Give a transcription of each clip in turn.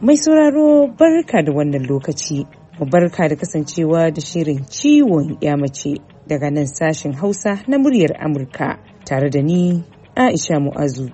Mai sauraro barka da wannan lokaci, mu barka da kasancewa da shirin ciwon mace daga nan sashen Hausa na muryar Amurka tare da ni Aisha Mu'azu.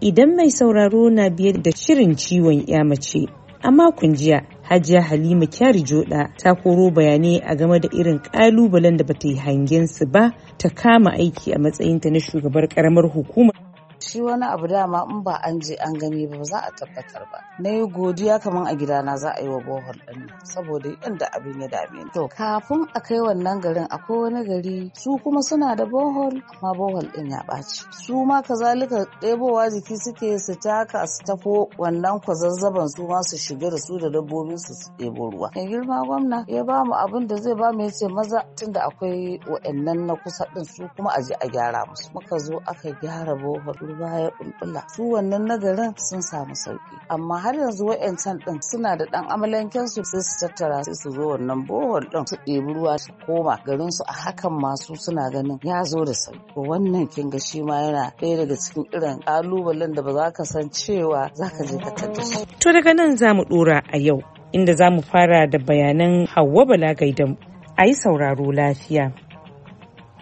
Idan mai sauraro na biyar da shirin ciwon mace a makon jiya Hajiya Halima Kyari Joda ta koro bayanai a game da irin kalubalen da bata yi hangen su ba ta kama aiki a matsayinta na shugabar karamar hukumar shi wani abu dama in ba an je an gani ba za a tabbatar ba na yi godiya kamar a gidana za a yi wa bohol ɗin saboda yadda abin ya dame ni to kafin a kai wannan garin akwai wani gari su kuma suna da bohol amma bohol ɗin ya ɓaci su ma kazalika ɗebowa jiki suke su taka su tafo wannan kwazazzaban su ma su shiga da su da dabbobin su su ɗebo ruwa mai girma gwamna ya ba mu abin da zai ba mu ya ce maza tunda akwai wa'annan na kusa ɗin su kuma a je a gyara musu muka zo aka gyara bohol ruwa ya bulbula su wannan nagarin sun samu sauki amma har yanzu wa'yancan din suna da ɗan amalanken su sai su tattara sai su zo wannan bohol din su ɗebi ruwa su koma garin su a hakan masu suna ganin ya zo da sauki wannan kin ga shi ma yana ɗaya daga cikin irin kalubalen da ba za ka san cewa za ka je ka tattace to daga nan za mu dora a yau inda za mu fara da bayanan Hauwa Bala Gaidam. A yi sauraro lafiya.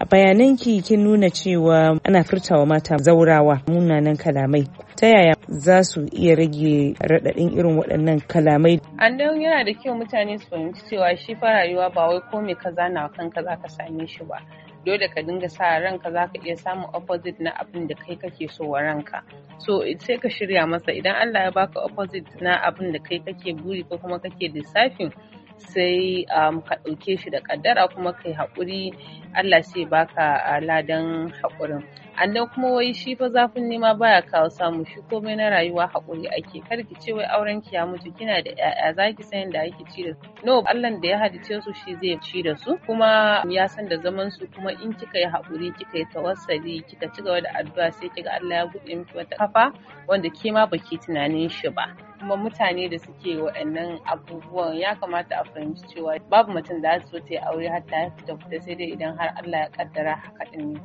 a bayananki kin nuna cewa ana furtawa mata zaurawa munanan kalamai ta yaya za su iya rage raɗaɗin irin waɗannan kalamai. An don yana da kyau mutane su fahimci cewa shi fa rayuwa ba wai ko me kaza na kanka za ka same shi ba. Dole ka dinga sa ranka za ka iya samun opposite na abin da kai kake so wa ranka. So sai ka shirya masa idan Allah ya baka opposite na abin da kai kake buri ko kuma kake lissafin sai um, ka ɗauke shi da ƙaddara kuma kai haƙuri Allah sai baka uh, ladan haƙurin annan kuma wai shi fa zafin nema baya kawo samu shi komai na rayuwa haƙuri ake kar ki ce wai auren ki ya mutu kina da ƴaƴa zaki san yadda ake ci da su no Allah da ya halice su shi zai ci da su kuma ya san da zaman su kuma in kika yi haƙuri kika yi tawassali kika ci gaba da addu'a sai kiga Allah ya buɗe miki wata kafa wanda ke ma baki tunanin shi ba kuma mutane da suke waɗannan abubuwan ya kamata a fahimci cewa babu mutum da za su ta yi aure har ta fita sai dai idan har Allah ya kaddara haka din ne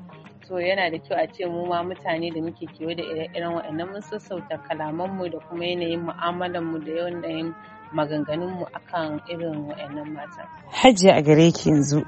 to yana da kyau a ce mu ma mutane da muke kewa da ire-iren waɗannan mun sassauta mu da kuma yanayin mu'amalan mu da yanayin maganganunmu akan irin waɗannan matan. Hajiya a gare ki yanzu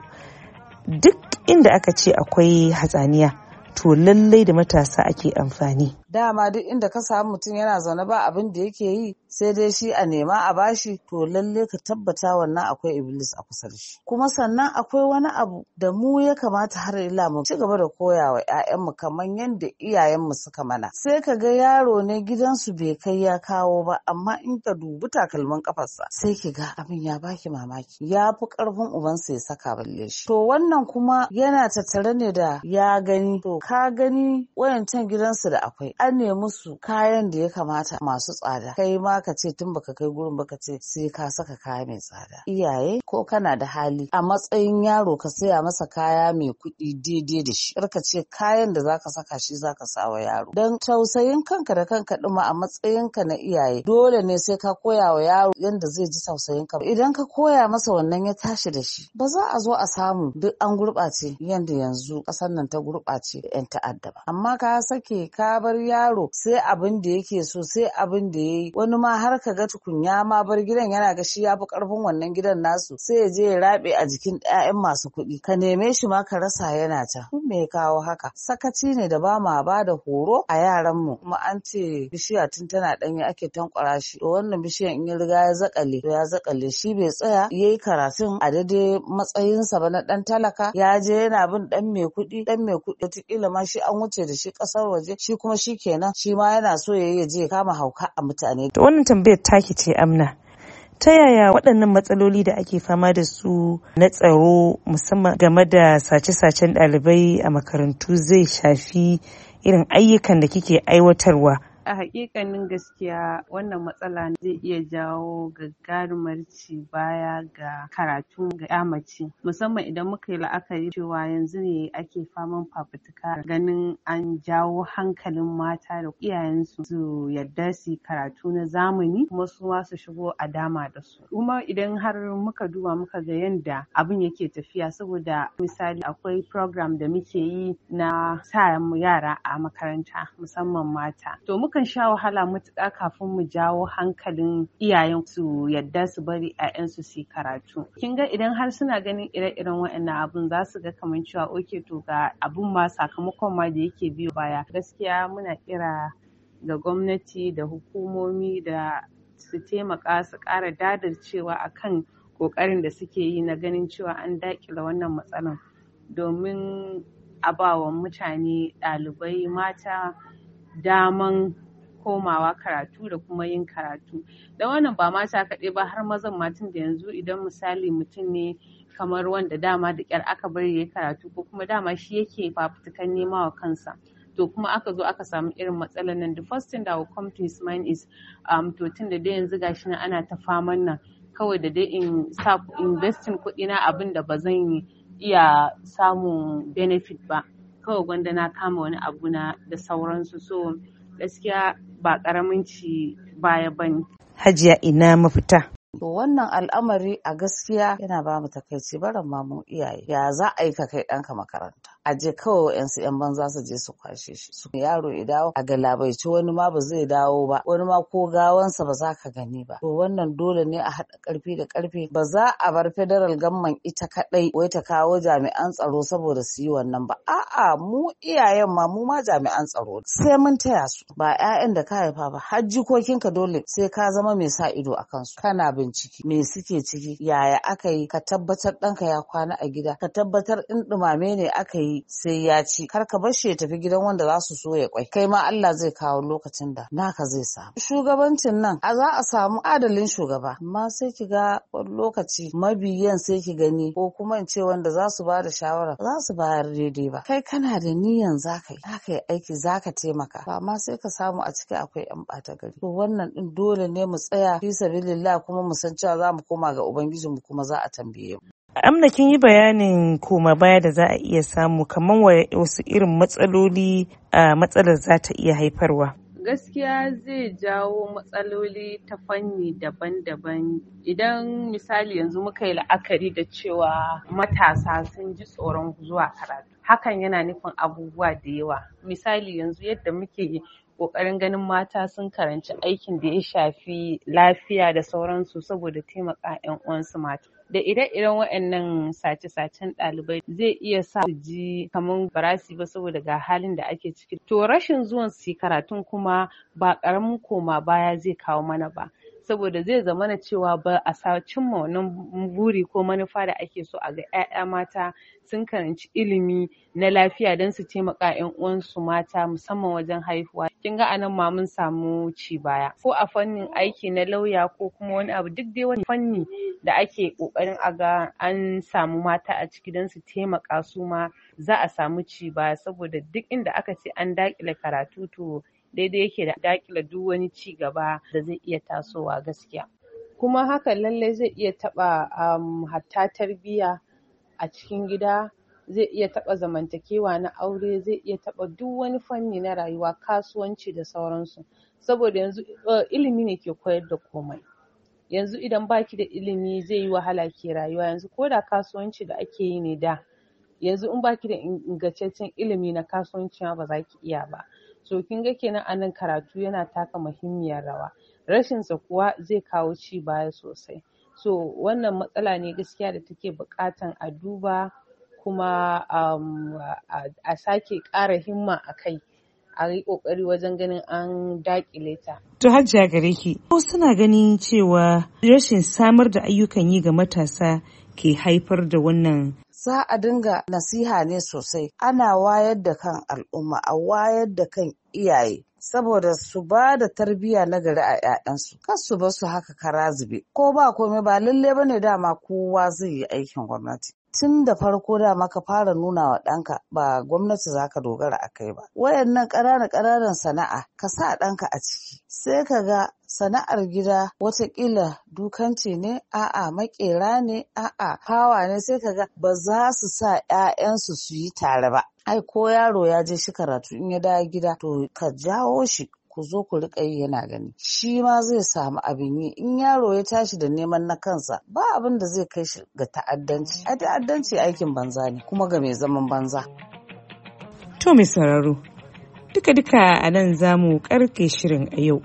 duk inda aka ce akwai hatsaniya to lallai da matasa ake amfani. dama duk inda ka samu mutum yana zaune ba abin da yake yi sai dai shi a nema a bashi to lalle ka tabbata wannan akwai iblis a kusa da shi kuma sannan akwai wani abu da mu ya kamata har ila mu ci gaba da koya wa mu kamar yadda mu suka mana sai ka ga yaro ne gidansu bai kai ya kawo ba amma in ka dubi takalmin kafarsa sai ki ga abin ya baki mamaki ya fi karfin ubansa ya saka balle shi to wannan kuma yana tattare ne da ya gani to ka gani wayancan gidansu da akwai an nemi su kayan da ya kamata masu tsada kai ma ka ce tun baka kai gurin baka ce sai ka saka kaya mai tsada iyaye ko kana da hali a matsayin yaro ka saya masa kaya mai kuɗi daidai da shi ka ce kayan da zaka saka shi zaka wa yaro dan tausayin kanka da kanka ɗuma a matsayin ka na iyaye dole ne sai ka koya wa yaro yadda zai ji tausayin ka idan ka koya masa wannan ya tashi da shi ba za a zo a samu duk an gurɓace yadda yanzu ƙasar nan ta gurɓace 'yan ta'adda ba amma ka sake ka bar yaro yaro sai abin da yake so sai abin da ya yi. wani ma har ka ga tukunya ma bar gidan yana ga shi ya fi karfin wannan gidan nasu sai ya je ya rabe a jikin ɗayan masu kuɗi ka neme shi ma ka rasa yana ta me kawo haka sakaci ne da ba ma ba da horo a yaran mu kuma an ce bishiya tun tana ɗanye ake tankwara shi to wannan bishiyan in ya riga ya zakale to ya zakale shi bai tsaya Ya yi karatun a daidai matsayinsa ba na ɗan talaka ya je yana bin ɗan mai kuɗi ɗan mai kuɗi wataƙila ma shi an wuce da shi ƙasar waje shi kuma shi kenan shi ma yana so ya yi je ya kama hauka a mutane. To wannan tambayar taki ce amna. Ta yaya waɗannan matsaloli da ake fama da su na tsaro musamman game da sace-sacen ɗalibai a makarantu zai shafi irin ayyukan da kike aiwatarwa A hakikanin gaskiya wannan matsala zai iya jawo gagarumar ci baya ga karatu ga ya mace musamman idan muka yi la'akari cewa yanzu ne ake faman fafutuka ganin an jawo hankalin mata da iyayensu su yarda su karatu na zamani kuma su ma su shigo a dama da su. Kuma idan har muka duba muka ga yadda abin yake tafiya saboda misali akwai program da muke yi na sa yara a makaranta musamman mata. To muka mukan sha wahala matuƙa kafin mu jawo hankalin iyayen su yadda su bari 'ya'yansu su yi karatu. Kin ga idan har suna ganin ire-iren waɗannan abun za su ga kamar cewa oke to ga abun ma sakamakon ma da yake biyo baya. Gaskiya muna kira ga gwamnati da hukumomi da su taimaka su ƙara dadarcewa akan ƙoƙarin da suke yi na ganin cewa an daƙile wannan matsalan domin a bawa mutane ɗalibai mata daman komawa karatu da kuma yin karatu da wannan ba mata kaɗai ba har mazan matan da yanzu idan misali mutum ne kamar wanda dama da ƙyar aka bari ya karatu ko kuma dama shi yake fafutukan nema wa kansa to kuma aka zo aka samu irin matsalan nan the first thing that will come to his mind is um, to tun da dai yanzu gashi nan ana ta faman nan kawai da dai in sa investing kuɗi na abin da ba zan iya samun benefit ba kawai gwanda na kama wani abu na da sauransu so gaskiya ba ƙaramin ci baya bane hajiya ina mafita To wannan al'amari a gaskiya yana ba mu takaici barin ma mu iyaye. Ya za a yi ka kai ɗanka makaranta? A je kawai yansu 'yan banza su je su kwashe shi. Su yaro ya dawo a galabaici wani ma ba zai dawo ba. Wani ma ko gawansa ba za ka gani ba. To wannan dole ne a haɗa ƙarfi da ƙarfe. Ba za a bar federal gamman ita kaɗai wai ta kawo jami'an tsaro saboda su yi wannan ba. A'a mu iyayen ma mu ma jami'an tsaro. Sai mun taya su. Ba 'ya'yan da ka haifa ba. Har jikokinka dole sai ka zama mai sa ido a kansu. Kana bin ciki me suke ciki yaya aka yi ka tabbatar ɗanka ya kwana a gida ka tabbatar in ɗumame ne aka yi sai ya ci kar ka bar shi ya tafi gidan wanda za su so ya kwai kai ma Allah zai kawo lokacin da naka zai samu shugabancin nan a za a samu adalin shugaba amma sai ki ga lokaci mabiyan sai ki gani ko kuma in ce wanda za su ba da shawara za su bayar daidai ba kai kana da niyan ka yi za yi aiki za ka taimaka ba ma sai ka samu a ciki akwai yan ɓata gari to wannan din dole ne mu tsaya fi sabilillah kuma mu mu san cewa za mu koma ga ubangiji mu kuma za a tambaye mu amna kin yi bayanin koma baya da za a iya samu kamar wasu irin matsaloli a matsalar za ta iya haifarwa gaskiya zai jawo matsaloli ta fanni daban-daban idan misali yanzu muka yi la'akari da cewa matasa sun ji tsoron zuwa karatu hakan yana nufin abubuwa da yawa misali yanzu yadda muke ƙoƙarin ganin mata sun karanci aikin da ya shafi lafiya da sauransu saboda taimaka 'yan uwansu mata. Da ire-iren waɗannan sace-sacen ɗalibai zai iya sa su ji kamar barasi ba saboda ga halin da ake ciki. To rashin zuwan su karatun kuma ba ƙaramin koma baya zai kawo mana ba. saboda zai zamana cewa ba a sa cimma wannan buri ko manufa da ake so a ga 'ya'ya mata sun karanci ilimi na lafiya don su taimaka 'yan uwansu mata musamman wajen haihuwa kin ga anan ma mun samu ci baya ko a fannin aiki na lauya ko kuma wani abu duk dai wani fanni da ake ƙoƙarin a ga an samu mata a ciki don su taimaka su ma za a samu ci baya saboda duk inda aka ce an dakile karatu to daidai yake da dakila duk wani ci gaba da zai iya tasowa gaskiya kuma haka lallai zai iya taɓa um, hatta tarbiyya a cikin gida zai iya taɓa zamantakewa na aure zai iya taɓa duk wani fanni na rayuwa kasuwanci da sauransu saboda yanzu uh, ilimi ne ke koyar da komai yanzu idan baki da ilimi zai yi wahala ke rayuwa yanzu ko da kasuwanci da ake yi ne da yanzu in baki da ingantaccen ilimi na kasuwanci ma ba za ki iya ba so kin ga kenan a nan karatu yana taka muhimmiyar rawa rashin sa kuwa zai kawo ci baya sosai so wannan matsala ne gaskiya da take buƙatan a duba kuma um, a sake ƙara himma a kai a yi ƙoƙari wajen ganin an daƙile ta. To hajjiya gare ki, ko suna ganin cewa rashin samar da ayyukan yi ga matasa ke haifar da wannan za a dinga nasiha ne sosai ana wayar da kan al'umma a wayar da kan iyaye saboda su ba da tarbiyya na gari a 'ya'yansu kan su ba su haka kara zube ko ba komai ba lalle ba ne dama kowa zai yi aikin gwamnati tun da farko da maka fara nuna wa ɗanka ba gwamnati za ka dogara a kai ba. Wayannan ƙananan ƙananan sana'a ka sa ɗanka a ciki. Sai ka ga sana'ar gida watakila dukanci ne a'a makera ne a'a hawa ne sai ka ga. ba za su sa 'ya'yansu su yi tare ba ai ko yaro ya je shi karatu in ya dawo gida to ka jawo shi ku zo ku riƙa yi yana gani shi ma zai samu abin yi in yaro ya tashi da neman na kansa ba abin da zai kai shi ga ta'addanci a ta'addanci aikin banza ne kuma ga mai zaman banza to mai duka-duka a nan za mu karke shirin a yau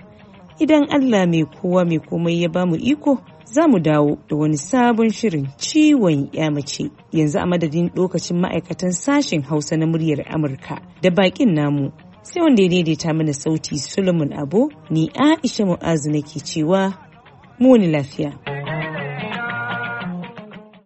idan allah mai kowa mai komai ya bamu iko za mu dawo da wani sabon shirin ciwon mace yanzu a madadin lokacin ma'aikatan sashen hausa na muryar amurka da bakin namu sai wanda ya daidaita mana sauti Solomon Abu ni Aisha Mu'azu nake cewa mu lafiya.